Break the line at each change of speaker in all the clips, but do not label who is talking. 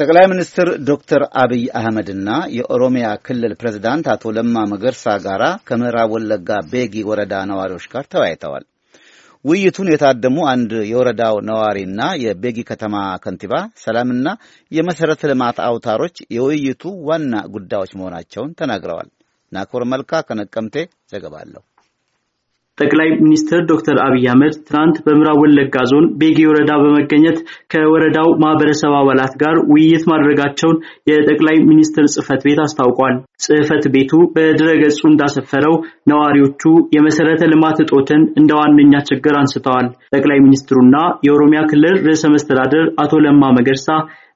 ጠቅላይ ሚኒስትር ዶክተር አብይ አህመድና የኦሮሚያ ክልል ፕሬዝዳንት አቶ ለማ መገርሳ ጋራ ከምዕራብ ወለጋ ቤጊ ወረዳ ነዋሪዎች ጋር ተወያይተዋል። ውይይቱን የታደሙ አንድ የወረዳው ነዋሪና የቤጊ ከተማ ከንቲባ ሰላምና የመሠረተ ልማት አውታሮች የውይይቱ ዋና ጉዳዮች መሆናቸውን ተናግረዋል። ናኮር መልካ ከነቀምቴ ዘገባ ጠቅላይ ሚኒስትር ዶክተር አብይ አህመድ ትናንት በምዕራብ ወለጋ ዞን ቤጌ ወረዳ በመገኘት ከወረዳው ማህበረሰብ አባላት ጋር ውይይት ማድረጋቸውን የጠቅላይ ሚኒስትር ጽህፈት ቤት አስታውቋል። ጽህፈት ቤቱ በድረገጹ እንዳሰፈረው ነዋሪዎቹ የመሰረተ ልማት እጦትን እንደ ዋነኛ ችግር አንስተዋል። ጠቅላይ ሚኒስትሩና የኦሮሚያ ክልል ርዕሰ መስተዳደር አቶ ለማ መገርሳ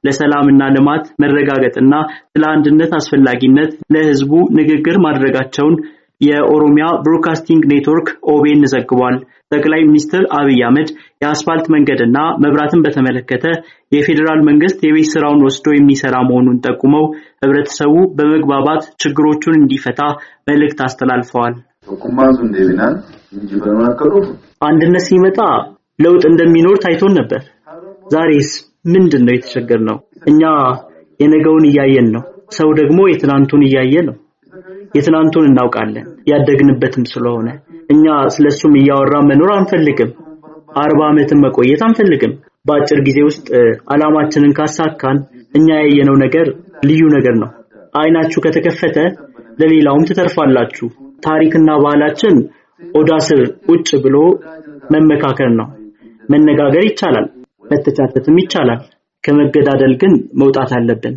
ለሰላምና ልማት መረጋገጥና ስለ አንድነት አስፈላጊነት ለህዝቡ ንግግር ማድረጋቸውን የኦሮሚያ ብሮድካስቲንግ ኔትወርክ ኦቤን ዘግቧል። ጠቅላይ ሚኒስትር አብይ አህመድ የአስፋልት መንገድና መብራትን በተመለከተ የፌዴራል መንግስት የቤት ስራውን ወስዶ የሚሰራ መሆኑን ጠቁመው ህብረተሰቡ በመግባባት ችግሮቹን እንዲፈታ መልእክት አስተላልፈዋል። አንድነት ሲመጣ ለውጥ እንደሚኖር ታይቶን ነበር። ዛሬስ ምንድን ነው የተቸገር ነው? እኛ የነገውን እያየን ነው። ሰው ደግሞ የትናንቱን እያየ ነው። የትናንቱን እናውቃለን ያደግንበትም ስለሆነ እኛ ስለሱም እያወራ መኖር አንፈልግም። አርባ ዓመትን መቆየት አንፈልግም። በአጭር ጊዜ ውስጥ አላማችንን ካሳካን እኛ ያየነው ነገር ልዩ ነገር ነው። አይናችሁ ከተከፈተ ለሌላውም ትተርፋላችሁ። ታሪክና ባህላችን ኦዳ ስር ውጭ ብሎ መመካከር ነው። መነጋገር ይቻላል፣ መተቻተትም ይቻላል። ከመገዳደል ግን መውጣት አለብን።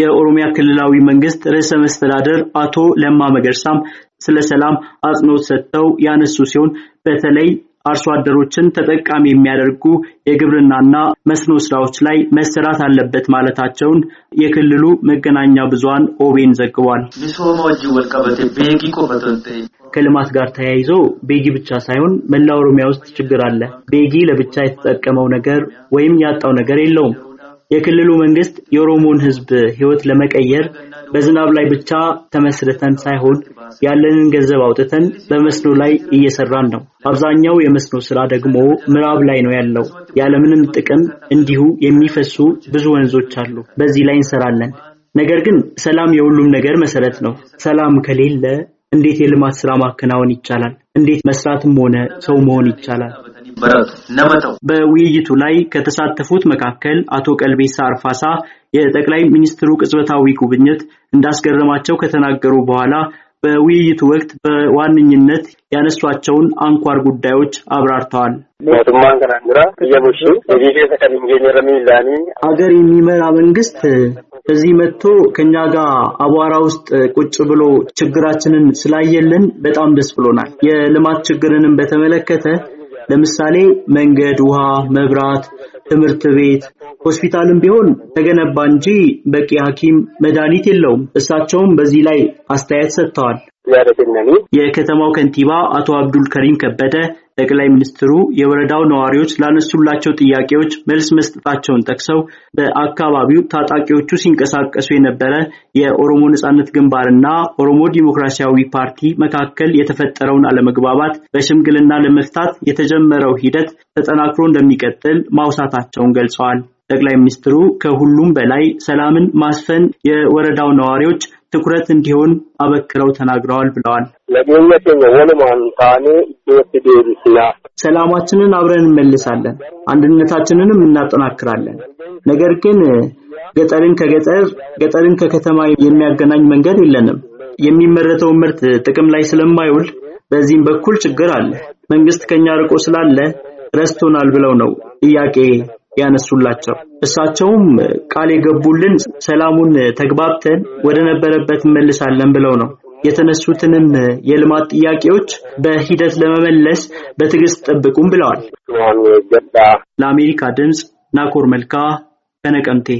የኦሮሚያ ክልላዊ መንግስት ርዕሰ መስተዳደር አቶ ለማ መገርሳም ስለ ሰላም አጽንኦት ሰጥተው ያነሱ ሲሆን በተለይ አርሶ አደሮችን ተጠቃሚ የሚያደርጉ የግብርናና መስኖ ስራዎች ላይ መሰራት አለበት ማለታቸውን የክልሉ መገናኛ ብዙሃን ኦቤን ዘግቧል። ከልማት ጋር ተያይዞ ቤጊ ብቻ ሳይሆን መላ ኦሮሚያ ውስጥ ችግር አለ። ቤጊ ለብቻ የተጠቀመው ነገር ወይም ያጣው ነገር የለውም። የክልሉ መንግስት የኦሮሞን ህዝብ ህይወት ለመቀየር በዝናብ ላይ ብቻ ተመስርተን ሳይሆን ያለንን ገንዘብ አውጥተን በመስኖ ላይ እየሰራን ነው። አብዛኛው የመስኖ ስራ ደግሞ ምዕራብ ላይ ነው ያለው። ያለምንም ጥቅም እንዲሁ የሚፈሱ ብዙ ወንዞች አሉ። በዚህ ላይ እንሰራለን። ነገር ግን ሰላም የሁሉም ነገር መሰረት ነው። ሰላም ከሌለ እንዴት የልማት ስራ ማከናወን ይቻላል? እንዴት መስራትም ሆነ ሰው መሆን ይቻላል? በውይይቱ ላይ ከተሳተፉት መካከል አቶ ቀልቤሳ አርፋሳ የጠቅላይ ሚኒስትሩ ቅጽበታዊ ጉብኝት እንዳስገረማቸው ከተናገሩ በኋላ በውይይቱ ወቅት በዋነኝነት ያነሷቸውን አንኳር ጉዳዮች አብራርተዋል። አገር የሚመራ መንግስት እዚህ መጥቶ ከኛ ጋር አቧራ ውስጥ ቁጭ ብሎ ችግራችንን ስላየልን በጣም ደስ ብሎናል። የልማት ችግርንም በተመለከተ ለምሳሌ መንገድ፣ ውሃ፣ መብራት፣ ትምህርት ቤት ሆስፒታልም ቢሆን ተገነባ እንጂ በቂ ሐኪም መድኃኒት የለውም። እሳቸውም በዚህ ላይ አስተያየት ሰጥተዋል። የከተማው ከንቲባ አቶ አብዱል ከሪም ከበደ ጠቅላይ ሚኒስትሩ የወረዳው ነዋሪዎች ላነሱላቸው ጥያቄዎች መልስ መስጠታቸውን ጠቅሰው በአካባቢው ታጣቂዎቹ ሲንቀሳቀሱ የነበረ የኦሮሞ ነጻነት ግንባርና ኦሮሞ ዲሞክራሲያዊ ፓርቲ መካከል የተፈጠረውን አለመግባባት በሽምግልና ለመፍታት የተጀመረው ሂደት ተጠናክሮ እንደሚቀጥል ማውሳታቸውን ገልጸዋል። ጠቅላይ ሚኒስትሩ ከሁሉም በላይ ሰላምን ማስፈን የወረዳው ነዋሪዎች ትኩረት እንዲሆን አበክረው ተናግረዋል ብለዋል። ሰላማችንን አብረን እንመልሳለን፣ አንድነታችንንም እናጠናክራለን። ነገር ግን ገጠርን ከገጠር ገጠርን ከከተማ የሚያገናኝ መንገድ የለንም። የሚመረተው ምርት ጥቅም ላይ ስለማይውል በዚህም በኩል ችግር አለ። መንግስት ከኛ ርቆ ስላለ ረስቶናል ብለው ነው ጥያቄ ያነሱላቸው። እሳቸውም ቃል የገቡልን ሰላሙን ተግባብተን ወደ ነበረበት እንመልሳለን ብለው ነው። የተነሱትንም የልማት ጥያቄዎች በሂደት ለመመለስ በትዕግስት ጠብቁም ብለዋል። ለአሜሪካ ድምፅ ናኮር መልካ ከነቀምቴ